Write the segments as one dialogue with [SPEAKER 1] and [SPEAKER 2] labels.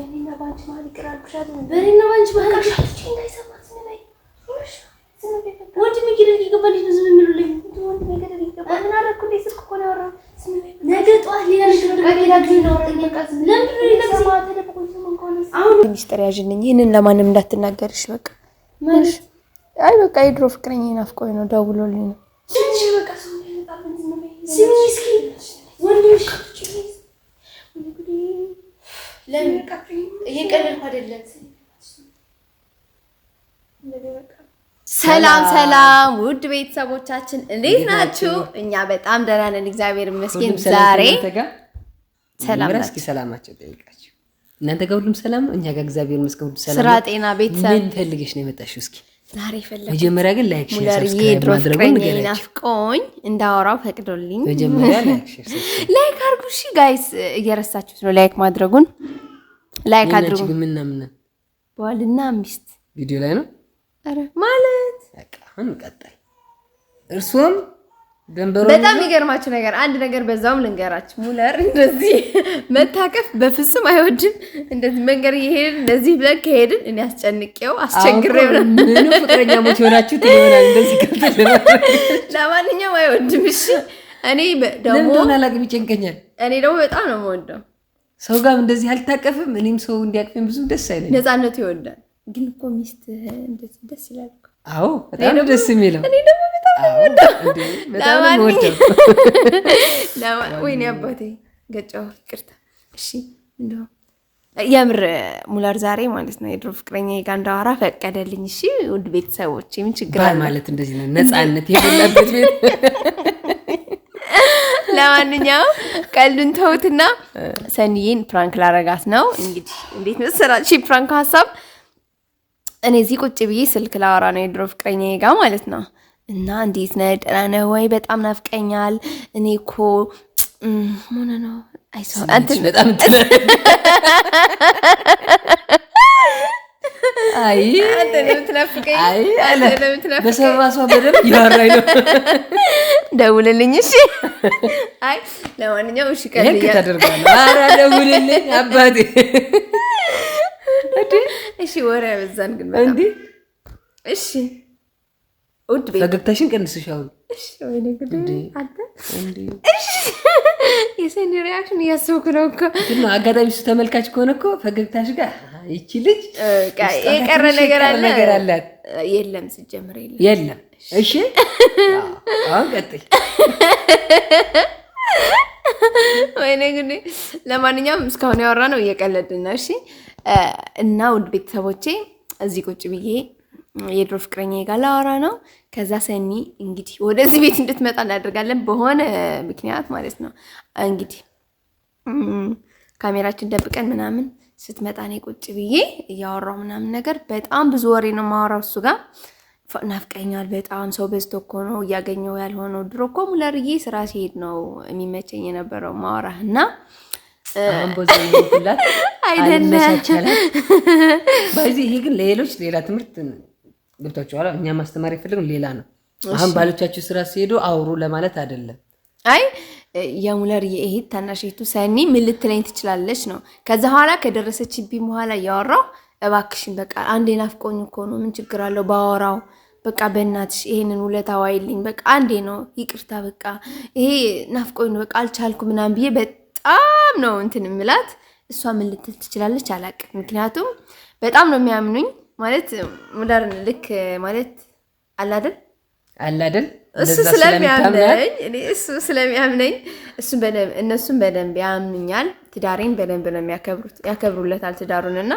[SPEAKER 1] በኔና በአንቺ መሀል ይቅር አልኩሽ አይደል?
[SPEAKER 2] በኔና በአንቺ መሀል
[SPEAKER 1] እንዳይሰማ ዝም በይ።
[SPEAKER 2] ወንድሜ ገደል የገባ ልጅ ዝም የሚሉልኝ።
[SPEAKER 1] ወንድሜ ገደል የገባ ምን አደረኩ? እንደ ስልክ እኮ ነው ያወራሁት።
[SPEAKER 2] ነገ ጠዋት ሌላ ነገር አሁን ሚስጥር ያዥልኝ። ይህንን ለማንም እንዳትናገርሽ በቃ አይ በቃ የድሮ ፍቅረኛ ናፍቆኝ ነው ደውሎልኝ ነው። ሰላም ሰላም ውድ ቤተሰቦቻችን እንዴት ናችሁ? እኛ በጣም ደህና ነን፣ እግዚአብሔር ይመስገን። ዛሬ ሰላም ሰላማቸው ጠይቃቸው እናንተ ጋር ሁሉም ሰላም፣ እኛ ጋር እግዚአብሔር ይመስገን ሁሉ ሰላም። ስራ፣ ጤና፣ ቤተሰብ ምን ፈልገሽ ነው የመጣሽው? እስኪ ዛሬ ፈለኩት። መጀመሪያ ግን ላይክ ሼር ሰብስክራይብ ናፍቆኝ እንዳወራው ፈቅዶልኝ መጀመሪያ ላይክ አድርጉ። እሺ ጋይስ እየረሳችሁት ነው ላይክ ማድረጉን። ላይክ አድርጉ። ምን ባልና ሚስት ቪዲዮ ላይ ነው ማለት አሁን ቀጣይ በጣም የሚገርማችሁ ነገር አንድ ነገር በዛውም ልንገራችሁ። ሙለር እንደዚህ መታቀፍ በፍጹም አይወድም። እንደዚህ መንገድ እየሄድን እንደዚህ ብለን ከሄድን እኔ አስጨንቄው አስቸግሬው ምን ፍቅረኛሞች የሆናችሁ ትሆናል። ለማንኛውም አይወድም። እሺ እኔ ደግሞ አላቅም፣ ይጨንቀኛል። እኔ ደግሞ በጣም ነው የምወደው። ሰው ጋርም እንደዚህ አልታቀፍም። እኔም ሰው እንዲያቅፍም ብዙ ደስ አይለኝ። ነፃነቱ ይወዳል። ግን እኮ ሚስት እንደዚህ ደስ ይላል። አዎ በጣም ደስ የሚለው ወይኔ አባቴ ገጫው ቅርታ እሺ እንደው የምር ሙላር ዛሬ ማለት ነው የድሮ ፍቅረኛ ጋር እንዳወራ ፈቀደልኝ። እሺ ውድ ቤተሰቦች ምን ችግር አለ ማለት እንደዚህ ነው ነፃነት የሞላበት ቤት። ለማንኛውም ቀልዱን ተውትና ሰኒዬን ፕራንክ ላረጋት ነው እንግዲህ። እንዴት መሰላችሁ ፕራንክ ሀሳብ እኔ እዚህ ቁጭ ብዬ ስልክ ላወራ ነው የድሮ ፍቅረኛ ጋ ማለት ነው። እና እንዴት ነህ? ደህና ነህ ወይ? በጣም ናፍቀኛል። እኔ እኮ ሆነ ነው ነው። ደውልልኝ። እሺ አይ ለማንኛውም እሺ ቀልድ እያደረግን ደውልልኝ አባቴ እሺ፣ ወሬ ያበዛን ግን በጣም እንዴ። እሺ፣ ውድ ቤት ፈገግታሽን ቀንስሽ አሁን። እሺ፣ ወይኔ ግድ አንተ እንዴ። እሺ፣ የሰኒ ሪያክሽን እያሰብኩ ነው እኮ ግን አጋጣሚ እሱ ተመልካች ከሆነ እኮ ፈገግታሽ ጋር ይቺ ልጅ የቀረ ነገር አለ ነገር አለ። የለም፣ ስጀምር የለም፣ የለም። እሺ፣ አሁን ቀጥል ወይኔ ግን ለማንኛውም እስካሁን ያወራ ነው እየቀለድን ነው። እሺ እና ውድ ቤተሰቦቼ እዚህ ቁጭ ብዬ የድሮ ፍቅረኛ ጋር ላወራ ነው። ከዛ ሰኒ እንግዲህ ወደዚህ ቤት እንድትመጣ እናደርጋለን በሆነ ምክንያት ማለት ነው። እንግዲህ ካሜራችን ደብቀን ምናምን ስትመጣ እኔ ቁጭ ብዬ እያወራው ምናምን ነገር በጣም ብዙ ወሬ ነው ማወራው እሱ ጋር ናፍቀኛል በጣም ሰው በዝቶ እኮ ነው እያገኘው ያልሆነው። ድሮ እኮ ሙለርዬ ስራ ሲሄድ ነው የሚመቸኝ የነበረው ማውራህ እና አይደለበዚህ ይሄ ግን ለሌሎች ሌላ ትምህርት ገብታችኋል። እኛ ማስተማር የፈለግን ሌላ ነው። አሁን ባሎቻቸው ስራ ሲሄዱ አውሩ ለማለት አይደለም። አይ የሙለር የእህት ታናሽቱ ሰኒ ምን ልትለኝ ትችላለች ነው። ከዛ በኋላ ከደረሰችብኝ በኋላ እያወራው እባክሽን በቃ አንዴ ናፍቆኝ እኮ ነው ምን ችግር አለው ባወራው በቃ በእናትሽ ይሄንን ውለታ ዋይልኝ፣ በቃ አንዴ ነው ይቅርታ፣ በቃ ይሄ ናፍቆኝ ነው፣ በቃ አልቻልኩ ምናምን ብዬ በጣም ነው እንትን ምላት። እሷ ምን ልትል ትችላለች አላቅም። ምክንያቱም በጣም ነው የሚያምኑኝ ማለት ሙዳርን ልክ ማለት አላደል አላደል እሱ ስለሚያምነኝ እሱ ስለሚያምነኝ እነሱም በደንብ ያምኑኛል። ትዳሬን በደንብ ነው ያከብሩለታል ትዳሩንና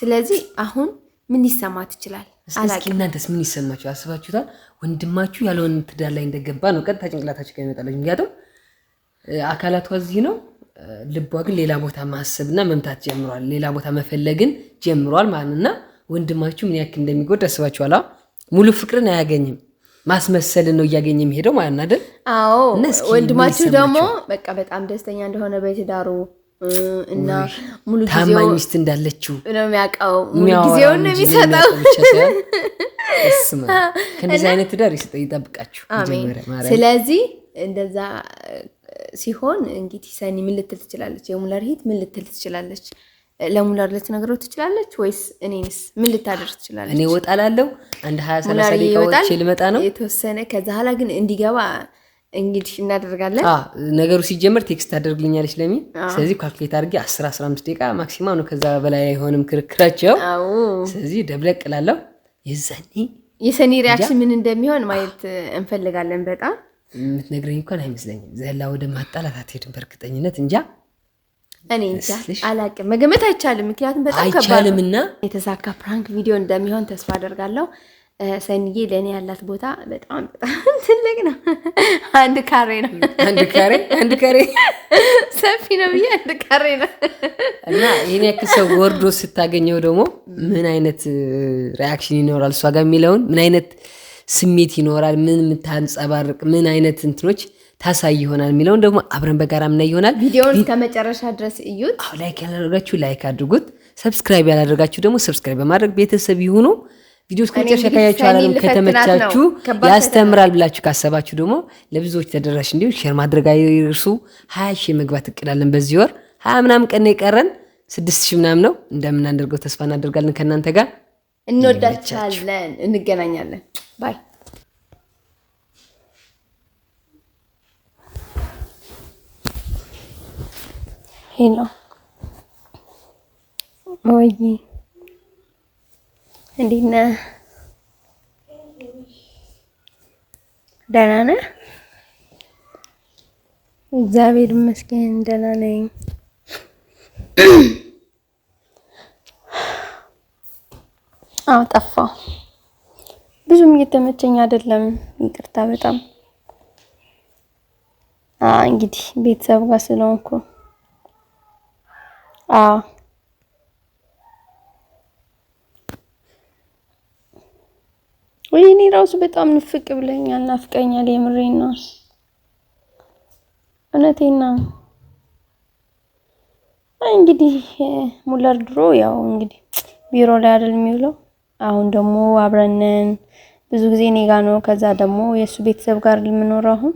[SPEAKER 2] ስለዚህ አሁን ምን ሊሰማት ይችላል? እስኪ እናንተስ ምን ይሰማችሁ አስባችሁታል? ወንድማችሁ ያለውን ትዳር ላይ እንደገባ ነው ቀጥታ ጭንቅላታችሁ ጋር ይመጣለች። ምክንያቱም አካላቷ እዚህ ነው፣ ልቧ ግን ሌላ ቦታ ማሰብና መምታት ጀምሯል። ሌላ ቦታ መፈለግን ጀምሯል ማለት እና ወንድማችሁ ምን ያክል እንደሚጎድ አስባችኋል? ሙሉ ፍቅርን አያገኝም ማስመሰልን ነው እያገኘ የሚሄደው ማለት ነው አይደል? አዎ። ወንድማችሁ ደግሞ በቃ በጣም ደስተኛ እንደሆነ በትዳሩ እና ሙሉ ታማኝ ሚስት እንዳለችው ነው የሚያውቀው። ሙሉ ጊዜውን ነው የሚሰጠው። ከእንደዚህ አይነት ትዳር ይጠብቃችሁ። ስለዚህ እንደዛ ሲሆን እንግዲህ ሰኒ ምን ልትል ትችላለች? የሙላር ሂት ምን ልትል ትችላለች? ለሙላር ልትነግረው ትችላለች ወይስ እኔንስ ምን ልታደርስ ትችላለች? እኔ እወጣላለሁ አንድ ሀያ ሰላሳ ደቂቃዎች ልመጣ ነው የተወሰነ ከዛ ኋላ ግን እንዲገባ እንግዲህ እናደርጋለን። ነገሩ ሲጀመር ቴክስት ታደርግልኛለች ለሚ። ስለዚህ ካልኩሌት አድርጌ 10 15 ደቂቃ ማክሲማም ነው፣ ከዛ በላይ አይሆንም ክርክራቸው። ስለዚህ ደብለቅ እላለሁ። የዛኔ የሰኒ ሪያክሽን ምን እንደሚሆን ማየት እንፈልጋለን። በጣም የምትነግረኝ እንኳን አይመስለኝም። ዘላ ወደ ማጣላት አትሄድም በእርግጠኝነት እንጃ። እኔ እንጃ አላቅም፣ መገመት አይቻልም። ምክንያቱም በጣም ከባድ አይቻልምና የተሳካ ፕራንክ ቪዲዮ እንደሚሆን ተስፋ አደርጋለሁ። ሰንዬ ለእኔ ያላት ቦታ በጣም በጣም ትልቅ ነው። አንድ ካሬ ነው፣ አንድ ካሬ አንድ ካሬ ሰፊ ነው ብዬ አንድ ካሬ ነው። እና ይህን ያክል ሰው ወርዶ ስታገኘው ደግሞ ምን አይነት ሪያክሽን ይኖራል እሷ ጋር የሚለውን ምን አይነት ስሜት ይኖራል፣ ምን የምታንጸባርቅ ምን አይነት እንትኖች ታሳይ ይሆናል የሚለውን ደግሞ አብረን በጋራ ምና ይሆናል። ቪዲዮውን ከመጨረሻ ድረስ እዩት። ላይክ ያላደረጋችሁ ላይክ አድርጉት፣ ሰብስክራይብ ያላደረጋችሁ ደግሞ ሰብስክራይብ በማድረግ ቤተሰብ ይሁኑ። ቪዲዮ እስከመጨረሻ ካያችሁ አላለም። ከተመቻችሁ ያስተምራል ብላችሁ ካሰባችሁ ደግሞ ለብዙዎች ተደራሽ እንዲሁ ሼር ማድረግ አይርሱ። ሀያ ሺህ መግባት እቅዳለን በዚህ ወር ሀያ ምናምን ቀን የቀረን ስድስት ሺህ ምናምን ነው። እንደምናደርገው ተስፋ እናደርጋለን። ከእናንተ ጋር እንወዳችኋለን። እንገናኛለን ባይ ሄሎ ወይ እንዴት ነህ? ደህና ነህ? እግዚአብሔር ይመስገን ደህና ነኝ። አዎ ጠፋሁ። ብዙም እየተመቸኝ አይደለም። ይቅርታ በጣም እንግዲህ ቤተሰብ ጋር ስለሆንኩ አዎ እኔ ራሱ በጣም ንፍቅ ብለኛል፣ ናፍቀኛል። ነው እውነቴና እንግዲህ ሙለር ድሮ ያው እንግዲህ ቢሮ ላይ አይደል የሚውለው። አሁን ደግሞ አብረነን ብዙ ጊዜ እኔ ጋ ነው፣ ከዛ ደግሞ የእሱ ቤተሰብ ጋር የምኖረው። አሁን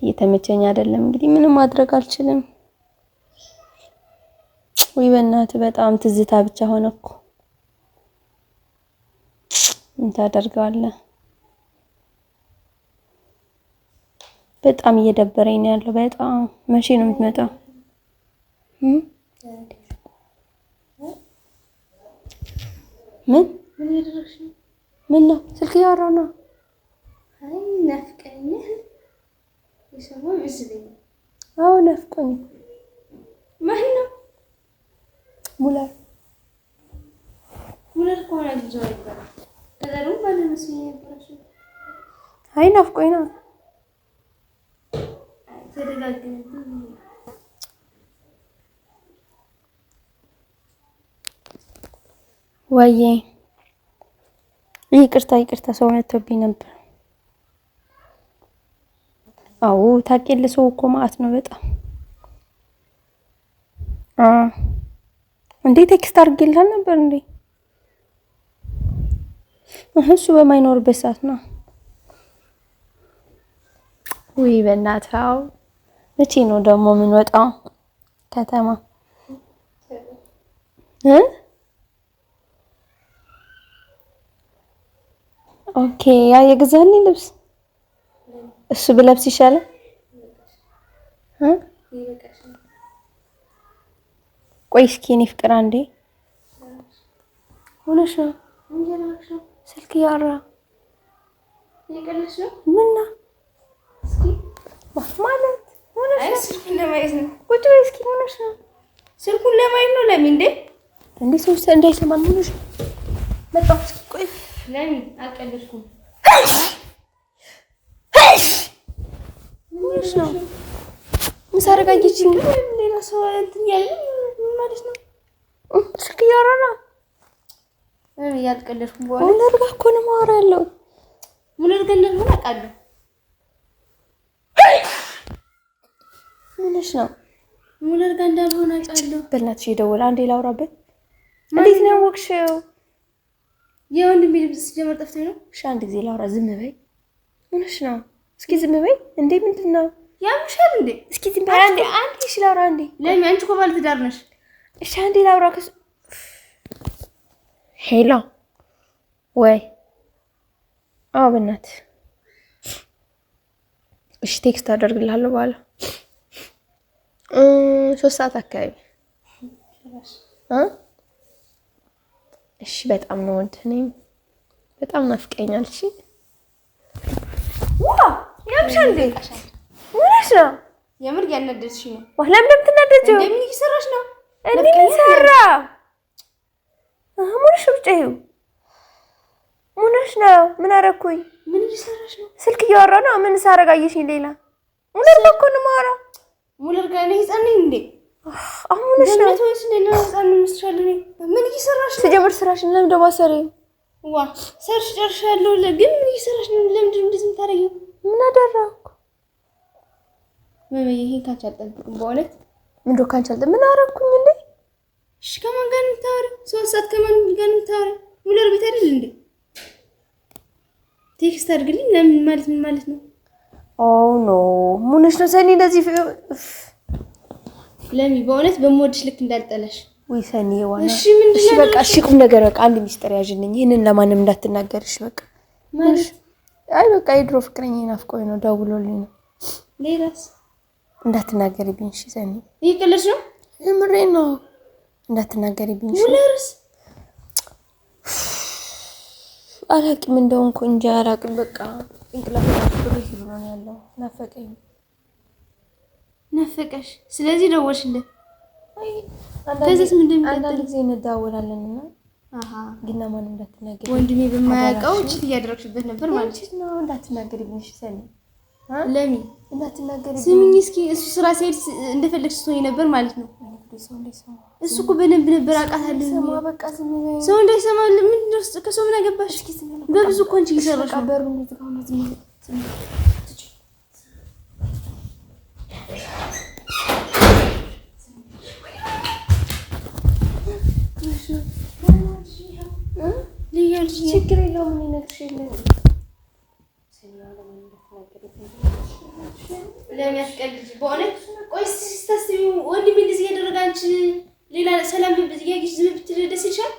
[SPEAKER 2] እየተመቸኝ አይደለም፣ እንግዲህ ምንም ማድረግ አልችልም። ወይ በእናት በጣም ትዝታ ብቻ ሆነ እኮ። ታደርገዋለህ? በጣም እየደበረኝ ነው ያለው። በጣም መቼ ነው የምትመጣው? ምን ምን ነው ስልክ እያወራሁ ነው። አዎ ናፍቆኝ ሙላር አይ ናፍቆኝ ነው። ወይዬ ይቅርታ ይቅርታ፣ ሰው መቶብኝ ነበር። አዎ ታቄል ሰው እኮ ማአት ነው በጣም እንዴ። ቴክስት አድርጌልሃል ነበር እንዴ? እሱ በማይኖርበት ሰዓት ነው። ውይ በእናታው መቼ ነው ደግሞ የምንወጣው ከተማ? ኦኬ ያ የገዛህልኝ ልብስ እሱ ብለብስ ይሻላል። ቆይ እስኪ እኔ ፍቅር አንዴ ሆነሽ ነው ስልክ እያወራ እየቀለድሽ ነው? ነው እስኪ ማለት ስልኩን ለማየት ነው። ቁጭ በይ እስኪ ሆነሽ ነው? ስልኩን ለማየት ነው። ለሚ እንዴ እንዴ ሰው እንዳይሰማ ምን ነው? መጣሁ እስኪ ቆይ። ለሚ አልቀለድኩም። ምን ነው? ምን ሳረጋጅ ሌላ ሰው እንትን ያለ ማለት ነው ስልክ እያወራ ነው እያልቀለድኩ በኋላ አድርጋ እኮ ነው አድርጋ እንደሆነ አውቃለሁ። ምንሽ ነው ሙሉ አድርጋ እንዳልሆነ አውቃለሁ። በእናትሽ የደወለ አንዴ ላውራበት። እንዴት ነው ያወቅሽው? የወንድሜ ሲጀመር ጠፍቶኝ ነው። እሺ አንድ ጊዜ ላውራ። ዝም በይ። ምንሽ ነው? እስኪ ዝም በይ እንዴ። ምንድን ነው ያምሻል እንዴ? እስኪ ዝም በይ አንዴ። አንዴ እሺ ላውራ። አንዴ ለምን አንቺ እኮ ባለ ትዳር ነሽ። እሺ አንዴ ላውራ ከሱ ሄሎ ወይ? አዎ በእናትህ እሺ፣ ቴክስት አደርግልሃለሁ ባለው ሶስት ሰዓት አካባቢ እሺ። በጣም ነው ወንድ እኔም በጣም ናፍቀኛል። እሺ የምር ያነደድሽ ነው? ለምን የምትናደጀው? እንደምን እየሰራሽ ነው? እንዴ ምን ሙነሽ ውጭ ይሁ ሙነሽ ነው። ምን አረኩኝ? ምን እየሰራሽ ነው? ስልክ እያወራሁ ነው። ምን ሳረጋየሽኝ? ሌላ ሙለር እኮ ነው ማራ ሙለር ጋር ነው ህፃን ነኝ እንዴ? አሁንሽ ነው ወይስ ሌላ ህፃን ነው ምን እየሰራሽ ነው? ስጀምር ስራሽን ለምን ደግሞ ዋ ሰርሽ ጨርሻለሁ። ግን ምን እየሰራሽ ነው? ለምንድን እንደዚህ የምታደርጊው? ምን አደረኩ? ምን ይሄን ካንቺ አልጠብቅም በእውነት። ካንቺ አልጠብቅም። ምን አረኩኝ እንዴ? እሺ ከማን ጋር ታወሪ? ሶስት ሰዓት ከማን ጋር ነው ታወሪ? ሙለር ቤት አይደል እንዴ? ቴክስት አድርግልኝ። ለምን ማለት ምን ማለት ነው? ኦ ኖ ሙነሽ ነው ሰኒ እንደዚህ ለሚ፣ በእውነት በምወድሽ ልክ እንዳልጠለሽ ወይ ሰኒ የዋና እሺ፣ ምንድን ነው? በቃ እሺ፣ ቁም ነገር በቃ አንድ ሚስጥር ያዥልኝ። ይሄንን ለማንም እንዳትናገርሽ። በቃ ማለት አይ በቃ የድሮ ፍቅረኛ ናፍቆኝ ነው ደውሎልኝ ነው። ሌላስ እንዳትናገርብኝ። እሺ ሰኒ፣ ይቅልሽ ነው የምሬን ነው እንዳትናገሪ ብኝ አላቅም እንደውን እኮ እንጂ አላቅም። በቃ እንቅላፍ ብሩሽ ብሎ ነው ያለው። ናፈቀኝ ናፈቀሽ፣ ስለዚህ ደወልሽለት። አንዳንድ ጊዜ እንደዋወላለን እና ግና ማን እንዳትናገሪ ወንድሜ በማያውቀው ችት እያደረግሽበት ነበር ማለት ነው። እንዳትናገሪ ብንሽ ሰኒ ለሚ እንዳትናገሪ ስሚኝ እስኪ እሱ ስራ ሲሄድ እንደፈለግሽ ስትሆኝ ነበር ማለት ነው። እሱ እኮ በደንብ ነበር አውቃታለሁ። ሰው እንዳይሰማ ምንድን ውስጥ ከሰው ምን አገባሽ? በብዙ እኮ አንቺ እየሰራሽ ችግር የለውም። ለሚያስቀልድ በእውነት ሚስት ስታስቢ ወንድሜ እንደዚህ እያደረገ አንቺ ሌላ ሰላም ያጊሽ ዝም ብትል ደስ ይልሻል?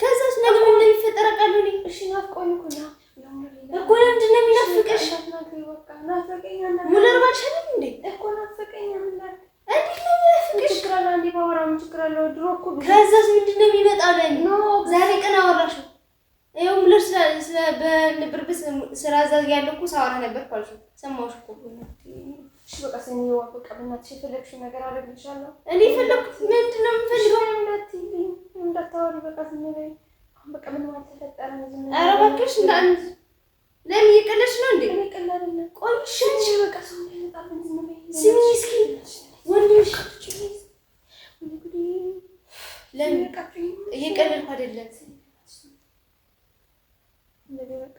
[SPEAKER 2] ከዛስ ነገ ምን እንደሚፈጠር አውቃለሁ እኔ እኮ ለምንድን ነው የሚናፍቅሽ? ሙለር ባልሻለም እንዴ እንዴት ነው የሚናፍቅሽ? ከዛስ ምንድን ነው የሚመጣው ለእኔ በብርብ ስራ ዘግያለ እኮ ሳወራ ነበር አልኩሽ። ሰማሁሽ እኮ እሺ፣ በቃ ሰኒዬ፣ በቃ በእናትሽ የፈለግሽው ነገር አደርግልሻለሁ። እኔ የፈለግኩት ምንድን ነው የምፈልገው? እንዳታወሪ በቃ ዝም አሁን በቃ ምንም አልተፈጠረም። ዝም ኧረ እባክሽ እንዳንድ ለምን እየቀለድሽ ነው እንዴ? ቀላል ቆይ እሺ፣ እሺ፣ በቃ ሰው እንዳይመጣብን ዝም በይ። ስሚኝ እስኪ ወንድምሽ ለምን እየቀለድኩ አይደለም እንደዚህ በቃ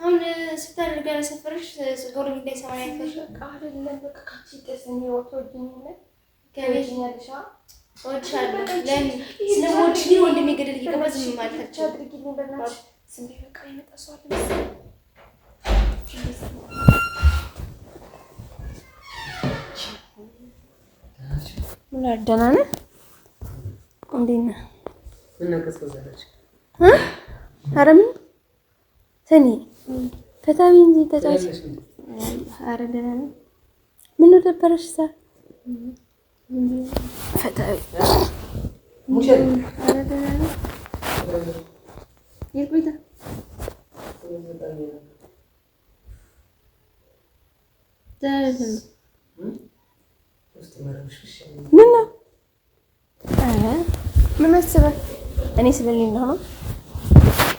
[SPEAKER 2] አሁን ስታደርጋ ለሰፈረሽ ጎረቤት እንዳይሰማ ያፈሽ በቃ አይደለም በቃ ካቺ ተሰኝ ወጥቶኝ ነው ከቤት ያልሻ ወድሻለሁ ለኔ ስለወድሽ ወንድሜ ገደል እየገባ ዝም ማለት አልቻለ አድርጊልኝ በእናትሽ ስንዴ በቃ ይመጣ ሰው አለ ምን ደህና ነህ እንዴት ነህ ምን ነው ቀዝቀዝ አለች ኧረ ምን ሰኒ ፈታሚ እንጂ ተጫዋች። ኧረ ደህና ነኝ። ምነው ደበረሽ? እዛ ፈታሚ ኧረ ደህና ነኝ። የት ቤታ ምነው ምን መሰለህ እኔ ስለሌለሁ ነው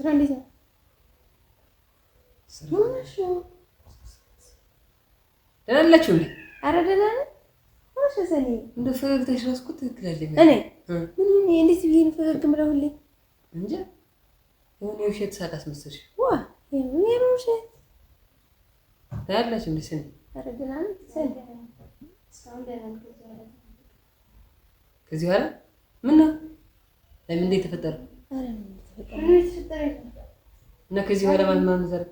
[SPEAKER 2] ስራ እንዴት ነው? ደህና አላችሁ? ኧረ ደህና ነን። እንደው ፈገግታሽ እራሱ እኮ ትክክል አለኝ። እኔ ምን እንዴት ብዬሽ ፈገግ የምለው? ሁሌ እንጃ የሆነ የውሸት ሳቅ አስመሰልሽ። ዋ ውሸት ደህና አላችሁ? እንደ ስኒ ከዚህ በኋላ ምን ነው ለምን እንደ ተፈጠረው እና ከዚህ በኋላ ማመንዘር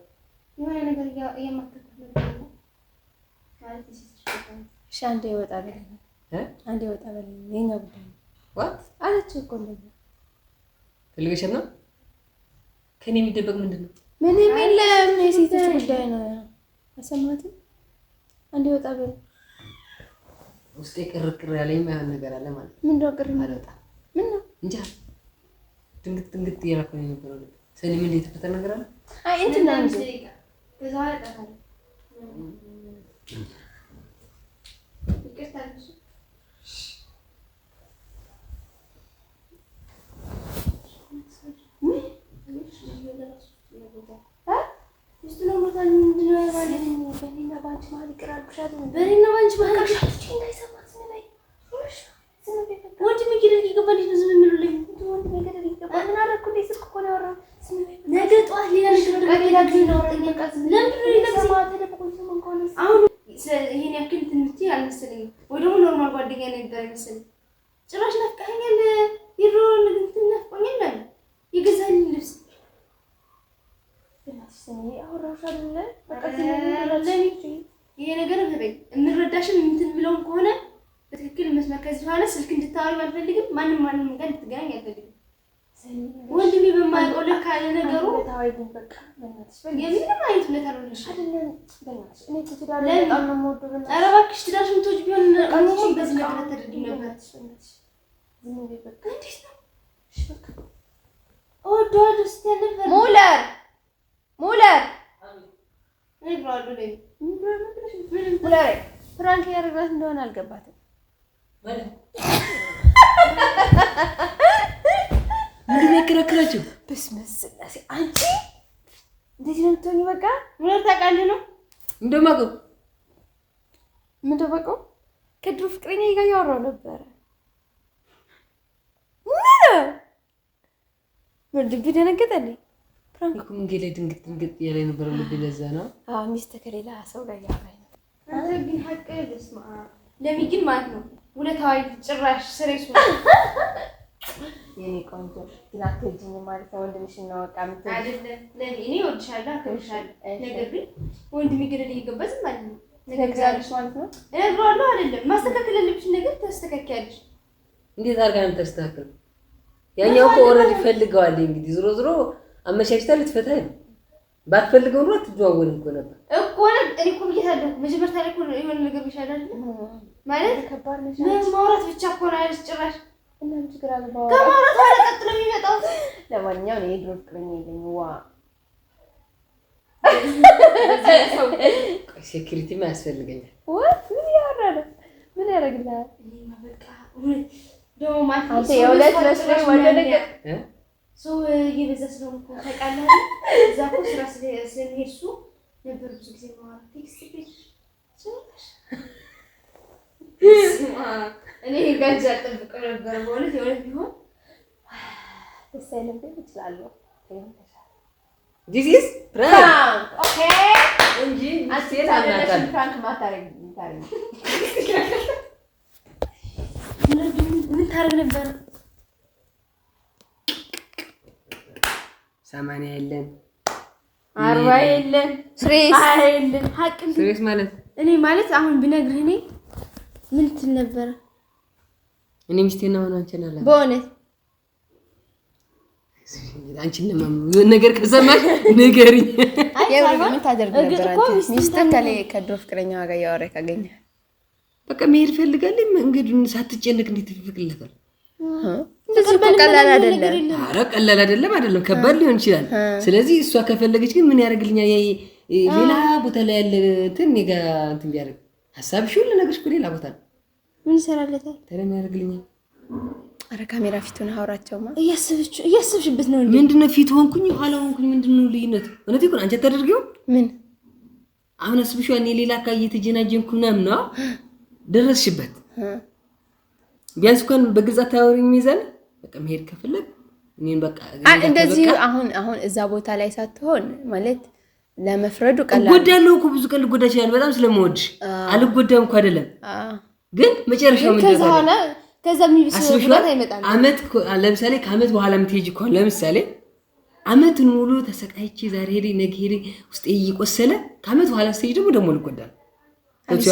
[SPEAKER 2] እሺ፣ አንዴ ወጣ በለኝ ጉዳይ ነው። አለችው ነው። ከኔ የሚደበቅ ምንድን ነው? ምንም የለም። የሴቶች ጉዳይ ነው። አልሰማሁትም። አንዴ ወጣ በለኝ። ውስጤ ቅርቅር ያለኝ ማይሆን ነገር አለ ማለት ምንድን ነው ቅር? አልወጣም። ምነው እንጃ ድንግጥ ድንግጥ እያልኩ ነው የነበረው። ሰኒም እንዴት ተፈተ ነገር አለ በእኔና በአንቺ መሀል ይቅር አልኩሻት። በእኔና በአንቺ መሀል እንዳይሰማ ይሄን ያክል ትምህርት አልመሰለኝም። ወይ ደግሞ ኖርማል ጓደኛ ነበር አይመስለኝም። ጭራሽ ናፍቀኸኛል፣ የድሮ እንትን ናፍቆኛል። የገዛኸኝ ልብስ ይሄ ነገር በይ የምንረዳሽም እንትን ብለውም ከሆነ በትክክል መስመር ከዚህ በኋላ ስልክ እንድታወሪ አልፈልግም። ማንም ማንም ጋር እንድትገናኝ አልፈልግም። ወንድሜ በማያውቀው ለካ ለነገሩ እባክሽ ትዳርሽን ትወጪ ቢሆን በዚህ ነገር አታደርጊም ነበር። ሙለር ሙለር ፍራንክ ያደረግላት እንደሆነ አልገባትም። አከረከረችው። በስመ ስላሴ አንቺ እንደዚህ ነው የምትሆኚው። በቃ ምን ታውቃለህ ነው እንደማውቀው ምን እንደማውቀው ከድሮ ፍቅረኛ ጋር ያወራው ነበረ። ምን ልቤ ደነገጠልኝ። ፍራንክ ምንጌ ላይ ድንግጥ ድንግጥ ያለ ነበር ልብ ለዛ ነው አዎ፣ ሚስት ከሌላ ሰው ጋር ያወራኝ አንተ ግን ሀቅ ለሚ ግን ማለት ነው ሁለታዊ ጭራሽ ስሬሽ የኔ ቆንጆ ግን አትወጂኝ ማለት ነው። ወንድምሽ እየገባ ዝም ነው ትነግሪያለሽ ማለት አይደለም ነገር እንዴት አድርጋ ነው ታስተካክል? ያኛው እኮ ኦልሬዲ ፈልገዋል። እንግዲህ ዞሮ ዞሮ አመቻችታ ልትፈታ ነው። ባትፈልገው ኑሮ አትደዋወልም እኮ ነበር እኮ ማለት ማውራት ብቻ ጭራሽ እናም ችግር አልባው ከማውራት አለቀጥሎ የሚመጣው ለማንኛውም እኔ ድሮ ፍቅረኛ የለኝም። ዋ ሴኪሪቲ ያስፈልገኛል። ምን እያወራ ምን ያደርግልሃል? አንተ የሁለት መስሎሽ ሰው ብዙ እኔ ጋንጃ ጠብቀው ነበር በእውነት የሆነ ቢሆን ደስ አይለብኝ እችላለሁ ዲስ እንጂ ፍራንክ ማታረግ ምን ታረግ ነበር? ሰማንያ የለን አርባ የለን ስሬስ ሀቅ ማለት እኔ ማለት አሁን ብነግርህ እኔ ምን ትል ነበረ እኔ ሚስቴና ሆነ አንቺን አላ በእውነት ነገር ከሰማሽ ከድሮ ፍቅረኛ ጋር እያወራ ካገኘ በቃ መሄድ ሳትጨነቅ እንዴት ቀላል አይደለም። ኧረ ቀላል አይደለም አይደለም፣ ከባድ ሊሆን ይችላል። ስለዚህ እሷ ከፈለገች ግን ምን ያደርግልኛል? ሌላ ቦታ ላይ ያለ እንትን እኔ ጋር እንትን ቢያደርግ ሀሳብሽ ሁሉ ነገርሽ እኮ ሌላ ቦታ ነው ምን ይሰራለታል? ተለም ያደርግልኛል። አረ ካሜራ ፊቱን አውራቸውማ። እያሰብሽ እያሰብሽበት ነው እንዴ? ምንድነው ፊት ሆንኩኝ ኋላ ሆንኩኝ ምንድነው ልዩነት? እውነት ይሁን አንቺ አታደርጊው። ምን አሁን አስብሽው። እኔ ሌላ ካ እየተጀናጀንኩ ምናምን ነው ደረስሽበት። ቢያንስ እንኳን በግልጽ ታወሪኝ ይዘን በቃ መሄድ ከፈለግ እኔን በቃ እንደዚህ አሁን አሁን እዛ ቦታ ላይ ሳትሆን ማለት ለመፍረዱ ቀላል ጎዳለሁ እኮ ብዙ ቀን ልጎዳ ይችላል። በጣም ስለምወድሽ አልጎዳም እኮ አይደለም ግን መጨረሻው ምንድን ለምሳሌ ከአመት በኋላ የምትሄጂ ከሆነ ለምሳሌ አመትን ሙሉ ተሰቃይቼ ዛሬ ሄደ ነገ ሄደ ውስጤ እየቆሰለ ከአመት በኋላ ስትሄጂ ደግሞ ደግሞ ልጎዳል።